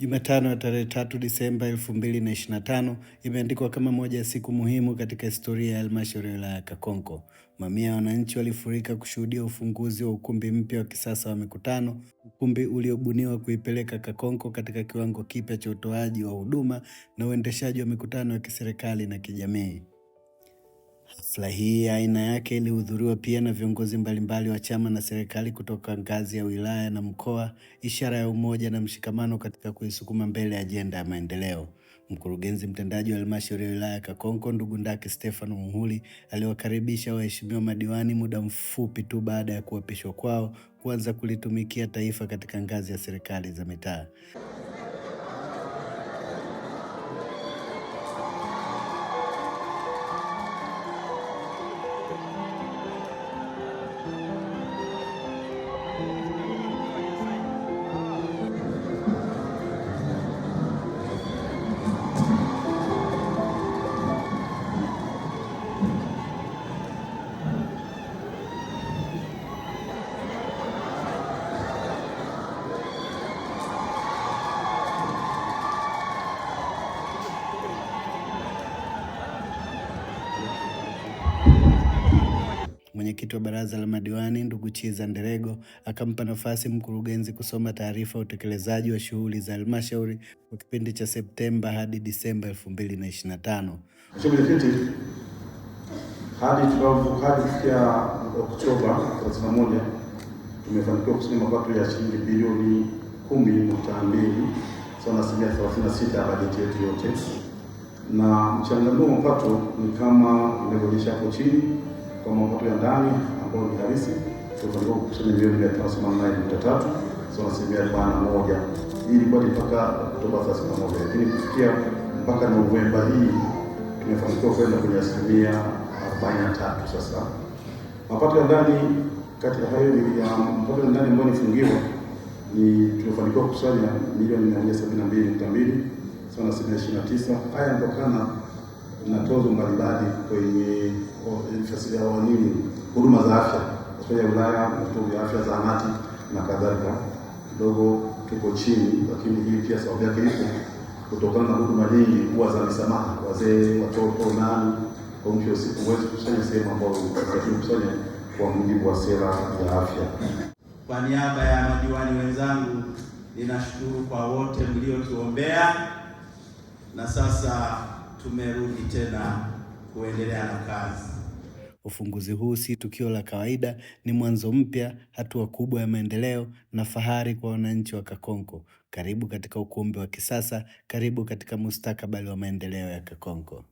Jumatano ya tarehe tatu Disemba elfu mbili na ishirini na tano imeandikwa kama moja ya siku muhimu katika historia ya halmashauri ya wilaya ya Kakonko. Mamia ya wananchi walifurika kushuhudia ufunguzi wa ukumbi mpya wa kisasa wa mikutano, ukumbi uliobuniwa kuipeleka Kakonko katika kiwango kipya cha utoaji wa huduma na uendeshaji wa mikutano ya kiserikali na kijamii. Hafla hii ya aina yake ilihudhuriwa pia na viongozi mbalimbali wa chama na serikali kutoka ngazi ya wilaya na mkoa, ishara ya umoja na mshikamano katika kuisukuma mbele ajenda ya maendeleo. Mkurugenzi mtendaji wa halmashauri ya wilaya ya Kakonko ndugu Ndaki Stefano Muhuli aliwakaribisha waheshimiwa madiwani muda mfupi tu baada ya kuapishwa kwao kuanza kulitumikia taifa katika ngazi ya serikali za mitaa. Mwenyekiti wa baraza la madiwani ndugu Chiza Nderego akampa nafasi mkurugenzi kusoma taarifa ya utekelezaji wa shughuli za halmashauri kwa kipindi cha Septemba hadi Disemba 2025. Mheshimiwa Mwenyekiti, hadi kufikia Oktoba 31 tumefanikiwa kukusanya mapato ya shilingi bilioni 10.2 sawa na asilimia 36 ya bajeti yetu yote, na mchanganuo wa mapato ni kama inavyoonyesha hapo chini kwa mapato ya ndani ambayo ni halisi tunafanikiwa kukusanya milioni mia tano themanini na nane nukta tatu sawa na asilimia arobaini na moja. Hii ilikuwa ni mpaka Oktoba thelathini na moja, lakini kufikia mpaka Novemba hii tumefanikiwa kwenda kwenye asilimia arobaini na tatu. Sasa mapato ya ndani kati ya hayo ya mapato ya ndani ambayo nifungiwa ni tumefanikiwa kukusanya milioni mia moja sabini na mbili nukta mbili sawa na asilimia ishirini na tisa. Haya yanatokana matozo mbalimbali kwenye wanini, huduma za afya, hospitali ya wilaya, vituo vya afya, zahanati na kadhalika. Kidogo tuko chini, lakini hii pia sababu yake ipo kutokana na huduma nyingi huwa za misamaha, wazee, watoto, nani kwa mtu usiku huwezi kusanya sehemu ambayo unatakiwa kusanya kwa mujibu wa sera ya afya. Kwa niaba ya madiwani wenzangu, ninashukuru kwa wote mliotuombea na sasa tumerudi tena kuendelea na kazi. Ufunguzi huu si tukio la kawaida, ni mwanzo mpya, hatua kubwa ya maendeleo na fahari kwa wananchi wa Kakonko. Karibu katika ukumbi wa kisasa, karibu katika mustakabali wa maendeleo ya Kakonko.